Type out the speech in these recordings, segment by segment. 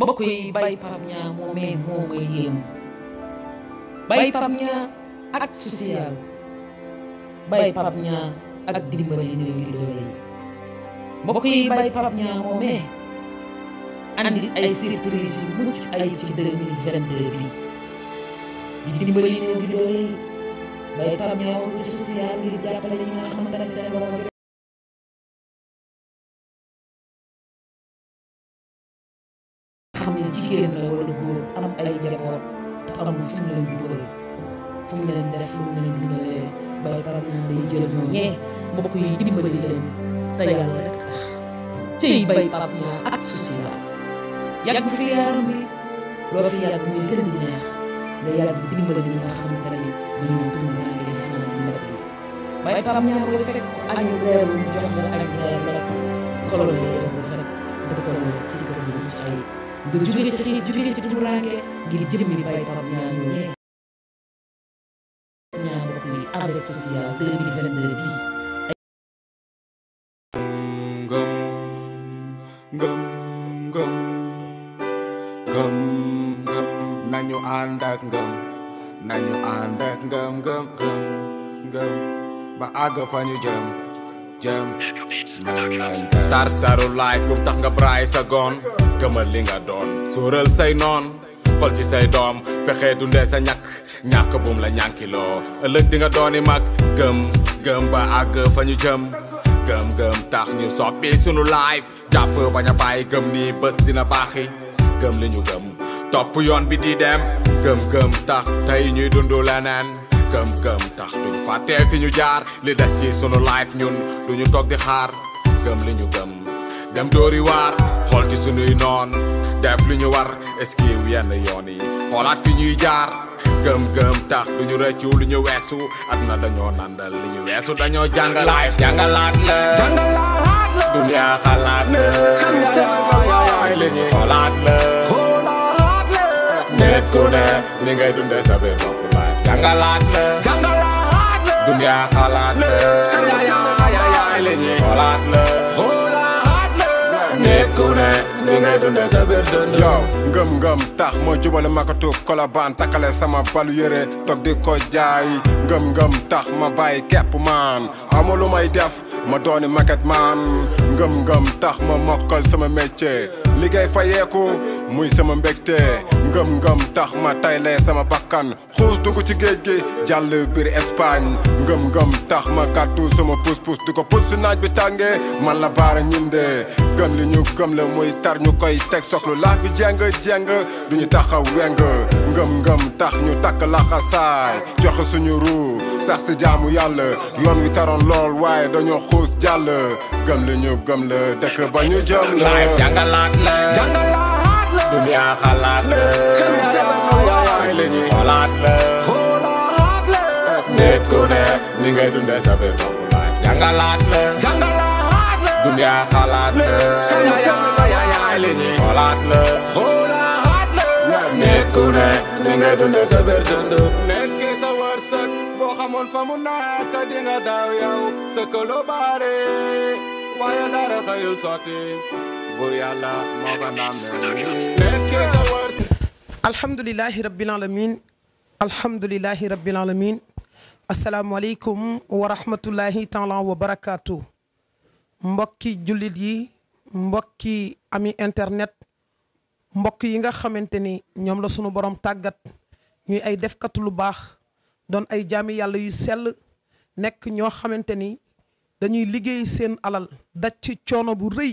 mbokk yi bay pam ñaa moomee moo may yéemu bay pam ñaa ak social bay pam ñaa ak dimbali néew di doole yi mbokk yi bay pam ñaa moomee andi ay surprise yu mucc ayib ci 2022 bi di dimbali néew di doole yi bay pam ñaa woon social ngir jàppale nga xamante ne xam ne jigéen la wala góor am ay jaboot te amul fu mu leen dugal fu mu def fu mu leen dundalee ba pare naa day jël ñoo ñee mbokk yi dimbali leen te yàlla rek tax cëy bay pap ñaa ak social yàgg fi yaaram bi loo fi yàgg muy gën di neex nga yàgg dimbali ñi nga xam te ne dañoo dund naa ngay fanaan ci mbedd yi bay pap ñaa boo fekk ko añu reeru jox la añu reer lekk solo la yéeram bu fekk dëkkal ci kër gu ci ayib nga jóge ci ba life bu tax nga braay gëmal li nga doon suural say noon xol ci say doom fexe dundee sa ñàkk ñàkk buum la ñànkiloo ëllëg di nga dooni mag gëm gëm ba àgg fa ñu jëm gëm gëm tax ñu soppi sunu life jàpp bañ a bàyyi gëm ni bés dina baaxi gëm li ñu gëm topp yoon bi di dem gëm gëm tax tey ñuy dund leneen gëm gëm tax duñu fàttee fi ñu jaar li des ci sunu life ñun duñu toog di xaar gëm li ñu gëm dem dori war xol ci sunuy non def lu war eskiw yenn yoon yi xoolaat fi ñuy jaar gëm gëm tax duñu rëccu luñu wessu weesu adna dañoo nandal liñu wessu weesu dañoo life jàngalaat la jàngalaat la dunia xalaat la xalaat la xoolaat la xoolaat la nit ku ne ni ngay dundé sa biir bopp life jàngalaat la jàngalaat la dunia xalaat la xalaat la xoolaat la nit ku ne ni ngay sa biir dund yow ngëm-ngëm tax ma jubale makatu kolabaan takkale sama balu yére toog di ko jaay ngëm-ngëm tax ma bàyyi kepp maan amulu may def ma dooni maket maan ngëm-ngëm tax ma mokkal sama métier liggéey fayeeku muy sama mbégte ngëm ngëm tax ma tayle sama bakkan xuus dugu ci géej gi jàll biir espagne ngëm ngëm tax ma kàttu sama pous pous diko pous naaj bi tangé man la bara ñinde gëm li ñu gëm la moy star ñu koy tek soxlu la bi jeng jeng duñu taxaw weng ngëm ngëm tax ñu tak la xassay jox suñu ru sax ci jaamu yalla yoon wi taron lol way dañu xuus jall gëm li ñu gëm la dekk bañu ñu jëm la jàngalaat la jàngalaat dunya xalaat la yaay la ñuy xoolaat la xoolaat la nit ku ne ni ngay dundee sa biir bopp laay jàngalaat la jàngalaat la dunya xalaat la yaay la ñuy xoolaat la xoolaat la nit ku ne ni ngay dundee sa biir dund nekk sa wërsëg boo xamoon fa mu nekk dinga daaw yow sa këlo baare waaye dara xëyul sotti buur yàlla moo ko nammee alhamdulilahi rabbil alamin alhamdulilahi rabbil alamin asalaamualeykum wa rahmatullahi taala mbokki jullit yi mbokki ami internet mbokk yi nga xamante ni ñoom la sunu borom tàggat ñuy ay defkat lu baax doon ay jaami yàlla yu sell nekk ñoo xamante ni dañuy liggéey seen alal daj ci coono bu rëy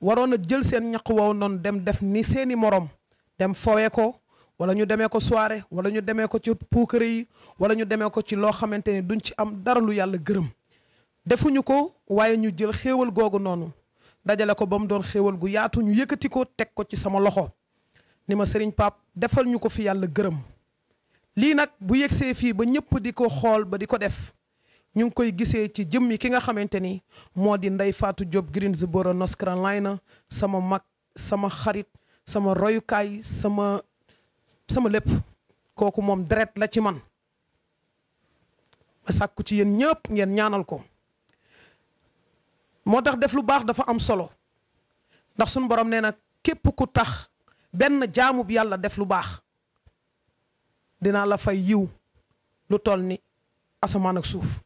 waroon a jël seen ñaq wow noonu dem def ni seeni moroom dem fowee ko wala ñu demee ko soirée wala ñu demee ko ci puukare yi wala ñu demee ko ci loo xamante ni duñ ci am dara lu yàlla gërëm defuñu ko waaye ñu jël xéewal googu noonu dajale ko ba mu doon xéewal gu yaatu ñu yëkkati ko teg ko ci sama loxo ni ma sëriñ Pape defal ñu ko fi yàlla gërëm lii nag bu yegsee fii ba ñëpp di ko xool ba di ko def ñu ngi koy gisee ci jëmmi ki nga xamante ni moo di Ndeye Fatou Diop Greensboro North Carolina sama mag sama xarit sama royukaay sama sama lépp kooku moom deret la ci man ma sàkku ci yéen ñëpp ngeen ñaanal ko moo tax def lu baax dafa am solo ndax suñ borom nee na képp ku tax benn jaamub yàlla def lu baax dinaa la fay yiw lu toll ni asamaan ak suuf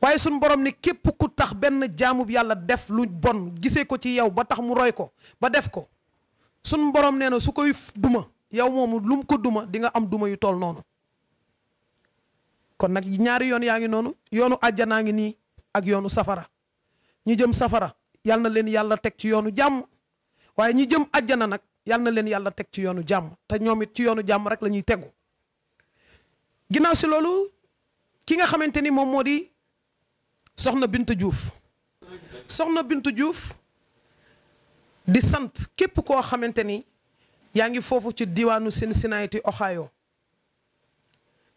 waye sun borom ni kep ku tax jaamu bi yalla def lu bon gisee ko ci yow ba tax mu roy ko ba def ko sun borom neena su koy duma yow moomu lum ko duma di nga am duma yu tol nonu kon nak ñaari yoon yono nonu yoonu aljana ngi ni ak yoonu safara ñi jëm safara yalla na leen yalla tek ci yoonu jàmm waye ñi jëm aljana nak yalla na leen yalla tek ci yoonu jàmm ta ñoom ci yoonu rek lañuy teggu tegu ci si ki nga xamanteni ni modi soxna Binta Diouf soxna Binta Diouf di sant képp koo xamante ni yaa ngi foofu ci diwaanu Cincinnati Ohio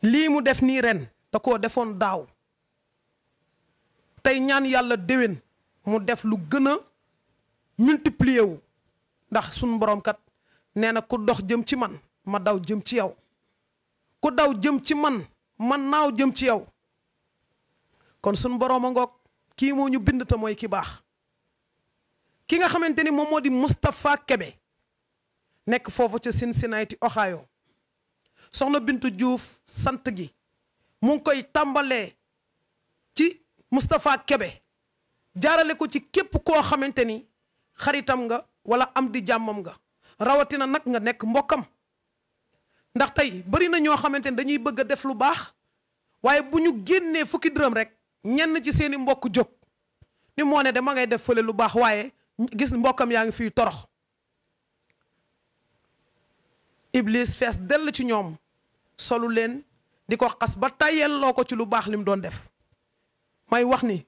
lii mu def nii ren da koo defoon daaw tey ñaan yàlla déwén mu def lu gën a multiplier wu ndax sun borom kat nee na ku dox jëm ci man ma daw jëm ci yow ku daw jëm ci man man naaw jëm ci yow kon suñ boroom a ngoog kii moo ñu bind te mooy ki baax ki nga xamante ni moom moo di Moustapha Kebe nekk foofu ca Cincinnati Ohio soxna Bintu juuf sant gi mu ngi koy tàmbalee ci Moustapha Kebe jaarale ko ci képp koo xamante ni xaritam nga wala am di jàmmam nga rawatina nag nga nekk mbokkam ndax tey bari na ñoo xamante ni dañuy bëgg a def lu baax waaye bu ñu génnee fukki dërëm rek ñenn ci seeni mbokk jóg ni moo ne de ma ngay def fële lu baax waaye gis mbokkam yaa ngi fii torox Iblis fees dell ci ñoom solu leen di ko xas ba tayel loo ko ci lu baax lim doon def may wax ni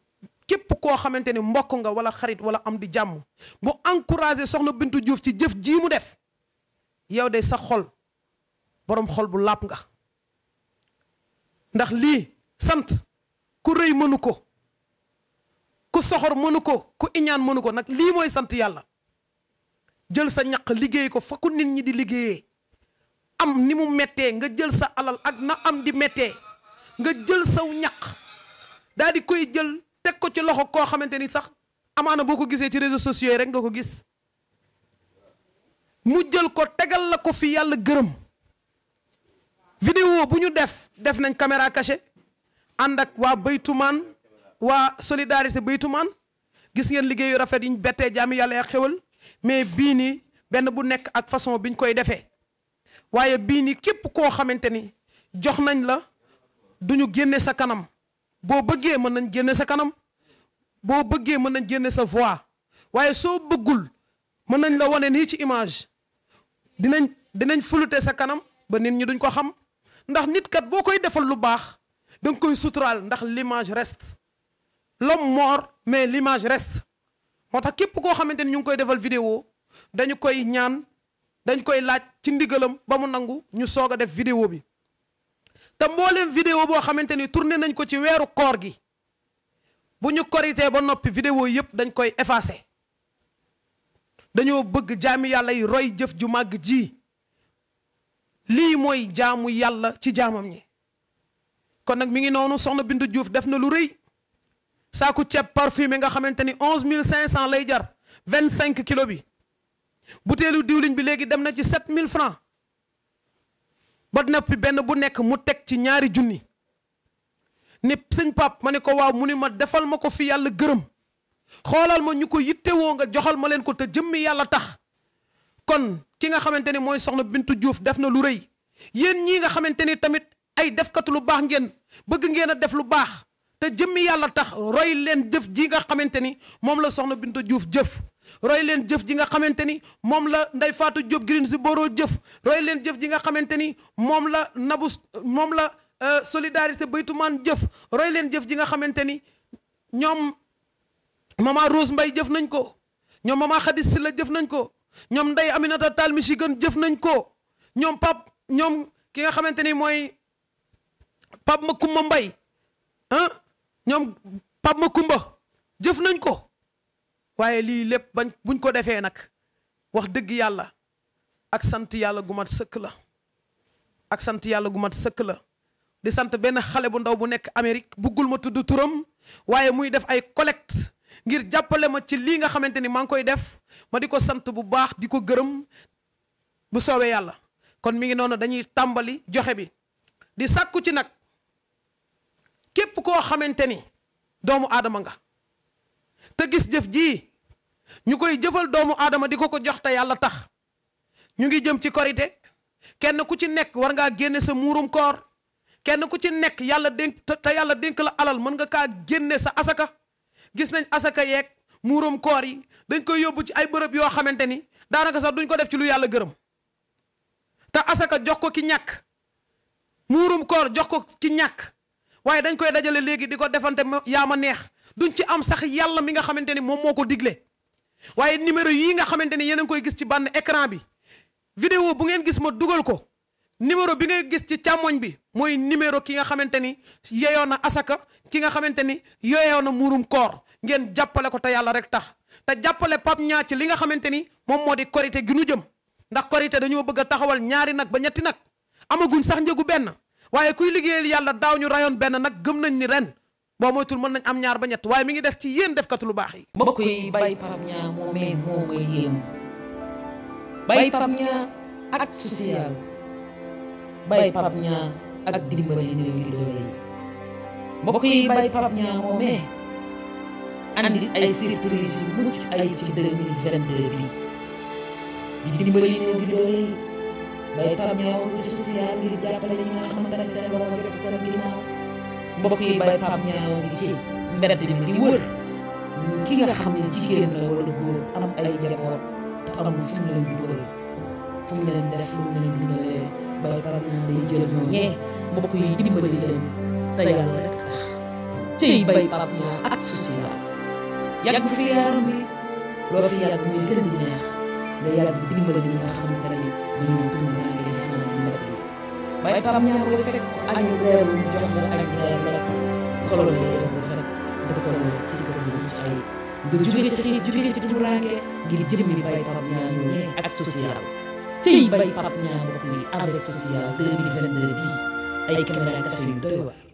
képp koo xamante ni mbokk nga wala xarit wala am di jàmm bu encouragé soxna Bintu juuf ci jëf jii mu def yow de sax xol boroom xol bu làpp nga ndax lii sant ku rëy mënu ko ku soxor mënu ko ku iñaan mënu ko nag lii mooy sant yàlla jël sa ñaq liggéey ko fa nit ñi di liggéeyee am ni mu mettee nga jël sa alal ak na am di mettee nga jël saw ñaq daal di koy jël teg ko ci loxo koo xamante ni sax amaana boo ko gisee ci réseaux sociaux yi rek nga ko gis mu jël ko tegal la ko fi yàlla gërëm vidéo bu ñu def def nañ caméra cachée ànd ak waa baytumaan waa solidarité baytumaan gis ngeen liggéeyu rafet yi ñu bettee jaami yàlla ak xewal mais bii nii benn bu nekk ak façon biñ koy defee waaye bii nii képp koo xamante ni jox nañ la duñu génne sa kanam boo bëggee mën nañ génne sa kanam boo bëggee mën nañ génne sa voix waaye soo bëggul mën nañ la wane nii ci image dinañ dinañ fulute sa kanam ba nit ñi duñ ko xam ndax nit kat boo koy defal lu baax da koy suturaal ndax l'image reste l'homme mort mais l'image reste moo tax képp koo xamante ni ñu ngi koy defal vidéo dañu koy ñaan dañ koy laaj ci ndigalam ba mu nangu ñu soog a def vidéo bi te mbooleem vidéo boo xamante ni tourné nañ ko ci weeru koor gi bu ñu koritee ba noppi vidéo yëpp dañ koy effacé dañoo bëgg jaami yàlla yi roy jëf ju màgg ji lii mooy jaamu yàlla ci jaamam ñi kon nag mi ngi noonu soxna Bintu Diouf def na lu rëy saaku ceeb parfumé nga xamante ni onze mille cinq cent lay jar vingt cinq kilo bi butéelu diwlin bi léegi dem na ci sept mille francs ba noppi benn bu nekk mu teg ci ñaari junni ni sëñ pap ma ne ko waaw mu ni ma defal ma ko fi yàlla gërëm xoolal ma ñu ko yittewoo nga joxal ma leen ko te jëmmi yàlla tax kon ki nga xamante ni mooy soxna Bintu juuf def na lu rëy yéen ñii nga xamante ni tamit ay defkat lu baax ngeen bëgg ngeen a def lu baax te jëmmi yàlla tax roy leen jëf ji nga xamante ni moom la soxna Binta Diouf jëf roy leen jëf ji nga xamante ni moom la Ndeye Fatou Diop Guinguinéo jëf roy leen jëf ji nga xamante ni moom la nabu moom la euh, solidarité baytumaan jëf roy leen jëf ji nga xamante ni ñoom maman Rose mbay jëf nañ ko ñoom maman Khadis Silla jëf nañ ko ñoom Ndeye Aminata Tall Michigan jëf nañ ko ñoom pap ñoom ki nga xamante ni mooy Pape Makumba Mbay ah ñoom Pape Makumba jëf nañ ko waaye lii lépp bañ buñ ko defee nag wax dëgg yàlla ak sant yàlla gu mat sëkk la ak sant yàlla gu mat sëkk la di sant benn xale bu ndaw bu nekk Amérique buggul ma tudd turam waaye muy def ay collecte ngir jàppale ma ci lii nga xamante ni maa ngi koy def ma di ko sant bu baax di ko gërëm bu soowee yàlla kon mi ngi noonu dañuy tàmbali joxe bi di sàkku ci nag képp koo xamante ni doomu aadama nga te gis jëf ji ñu koy jëfal doomu aadama di ko ko jox te yàlla tax ñu ngi jëm ci korite kenn ku ci nekk war ngaa génne sa muurum koor kenn ku ci nekk yàlla dénk te yàlla dénk la alal mën nga kaa génne sa asaka gis nañ asaka yeeg muurum koor yi dañ koy yóbbu ci ay bërëb yoo xamante ni daanaka sax duñ ko def ci lu yàlla gërëm te asaka jox ko ki ñàkk muurum koor jox ko ki ñàkk waaye dañ koy dajale léegi di ko defante yaa ma neex duñ ci am sax yàlla mi nga xamante ni moom moo ko digle waaye numéro yii nga xamante ni yéen a koy gis ci bànn écran bi vidéo bu ngeen gis ma dugal ko numéro bi ngay gis ci càmmoñ bi mooy numéro ki nga xamante ni yeyoo na asaka ki nga xamante ni yeyoo na muurum koor ngeen jàppale ko te yàlla rek tax te jàppale Pape Niang ci li nga xamante ni moom moo di korité gi nu jëm ndax korité dañoo bëgg a taxawal ñaari nag ba ñetti nag amaguñ sax njëgu benn waye kuy liggéeyal yalla daw ñu rayon ben nak gëm nañ ni ren boo moytul mën nañ am ñaar ba ñet waye mi ngi des ci yeen def katul lu baax yi. mbokk yi bay pam ñaa moomee moo may yéem bay pam ñaa ak social bay pam ñaa ak dimbali néew yi doole yi mbokk yi bay pam ñaa moomee andi ay surprise yu mucc ay ci 2022 bi di dimbali néew yi doole yi mais itam ñëw ci social ngir jàppale ñi nga xamante ne mbokk yi bay Pape ñaaw ngi ci mbedd mi di wër ki nga xam jigéen la wala góor am ay jaboot te amul fu mu leen fu mu leen def fu mu leen bay Pape ñaaw day jël ñoo ñee mbokk yi dimbali leen te yàlla rek tax cëy bay Pape ñaaw ak social yàgg fi yaaram bi loo fi yàgg muy gën di nga yàgg di dimbali ñi nga xamante ne dañoo dund naa ngay fan ci nawet bi waaye ñaar nga fekk ko añu reer mu jox la añu reer lekk solo la yéen nga fekk dëkkal la ci kër gu ci ay nga jóge ci xiif jóge ci tumuraange ngir jëmmi bay pap ñaar ñooñee ak social ciy bay pap ñaar mbokk yi avec ay caméra kaso yu